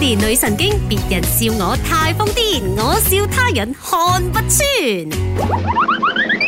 連女神經，別人笑我太瘋癲，我笑他人看不穿。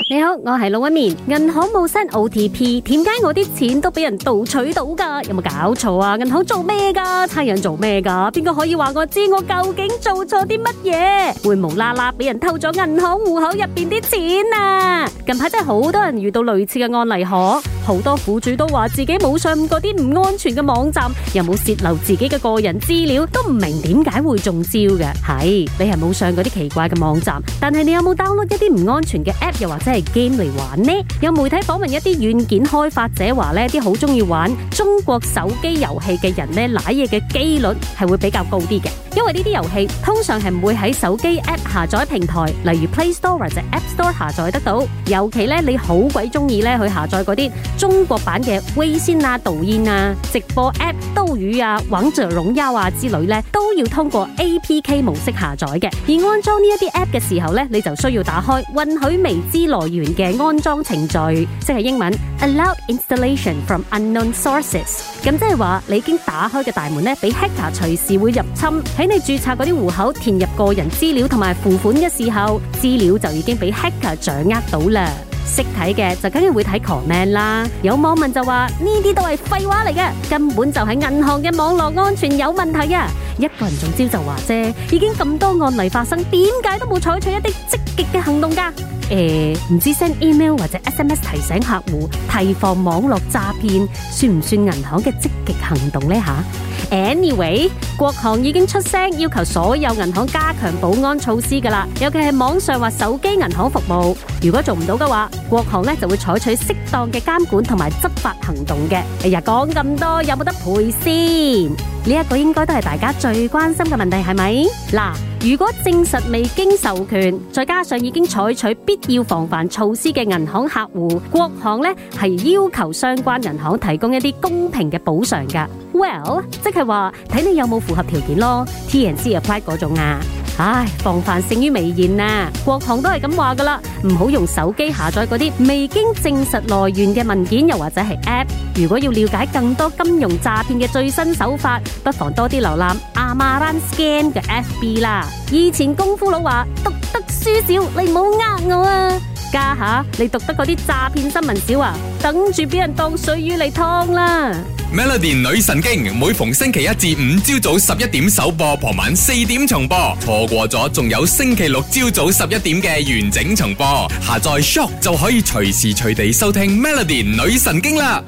你好，我係龍紋敏。銀行冇 send OTP，點解我啲錢都俾人盜取到噶？有冇搞錯啊？銀行做咩噶？差人做咩噶？邊個可以話我知我究竟做錯啲乜嘢？會無啦啦俾人偷咗銀行戶口入面啲錢啊！近排真係好多人遇到類似嘅案例可。好多苦主都話自己冇上嗰啲唔安全嘅網站，又冇洩漏自己嘅個人資料，都唔明點解會中招嘅。係，你係冇上嗰啲奇怪嘅網站，但係你有冇 download 一啲唔安全嘅 app 又或者係 game 嚟玩呢？有媒體訪問一啲軟件開發者話呢，呢啲好中意玩中國手機遊戲嘅人呢，瀨嘢嘅機率係會比較高啲嘅，因為呢啲遊戲通常係唔會喺手機 app 下載平台，例如 Play Store 或者 App Store 下載得到。尤其呢，你好鬼中意呢去下載嗰啲。中國版嘅微信啊、抖音啊、直播 App 鬥魚啊、王者榮耀啊之類咧，都要通過 APK 模式下載嘅。而安裝呢一啲 App 嘅時候咧，你就需要打開允許未知來源嘅安裝程序，即係英文 Allow installation from unknown sources。咁即係話，你已經打開嘅大門咧，俾 hacker 隨時會入侵。喺你注冊嗰啲戶口、填入個人資料同埋付款嘅時候，資料就已經俾 hacker 掌握到啦。識睇嘅就梗係會睇 comment 啦，有網民就話呢啲都係廢話嚟嘅，根本就係銀行嘅網絡安全有問題啊！一個人中招就話啫，已經咁多案例發生，點解都冇採取一啲積極嘅行動噶？誒，唔知 send email 或者 SMS 提醒客戶提防網絡詐騙，算唔算銀行嘅積極行動呢？吓，anyway，國行已經出聲要求所有銀行加強保安措施噶啦，尤其係網上或手機銀行服務。如果做唔到嘅話，國行咧就會採取適當嘅監管同埋執法行動嘅。哎呀，講咁多，有冇得賠先？呢一個應該都係大家最關心嘅問題，係咪？嗱。如果證實未經授權，再加上已經採取必要防範措施嘅銀行客戶，國行咧係要求相關銀行提供一啲公平嘅補償噶。Well，即係話睇你有冇符合條件咯，T&C apply 嗰種啊。唉，防範勝於未然啊！國行都係咁話噶啦，唔好用手機下載嗰啲未經證實來源嘅文件，又或者係 App。如果要了解更多金融詐騙嘅最新手法，不妨多啲瀏覽阿馬蘭 Scam 嘅 FB 啦。以前功夫佬話讀得書少，你唔好呃我啊！家吓，你讀得嗰啲詐騙新聞少啊，等住俾人當水魚嚟湯啦。Melody 女神經，每逢星期一至五朝早十一點首播，傍晚四點重播，錯過咗仲有星期六朝早十一點嘅完整重播。下載 Shock 就可以隨時隨地收聽 Melody 女神經啦。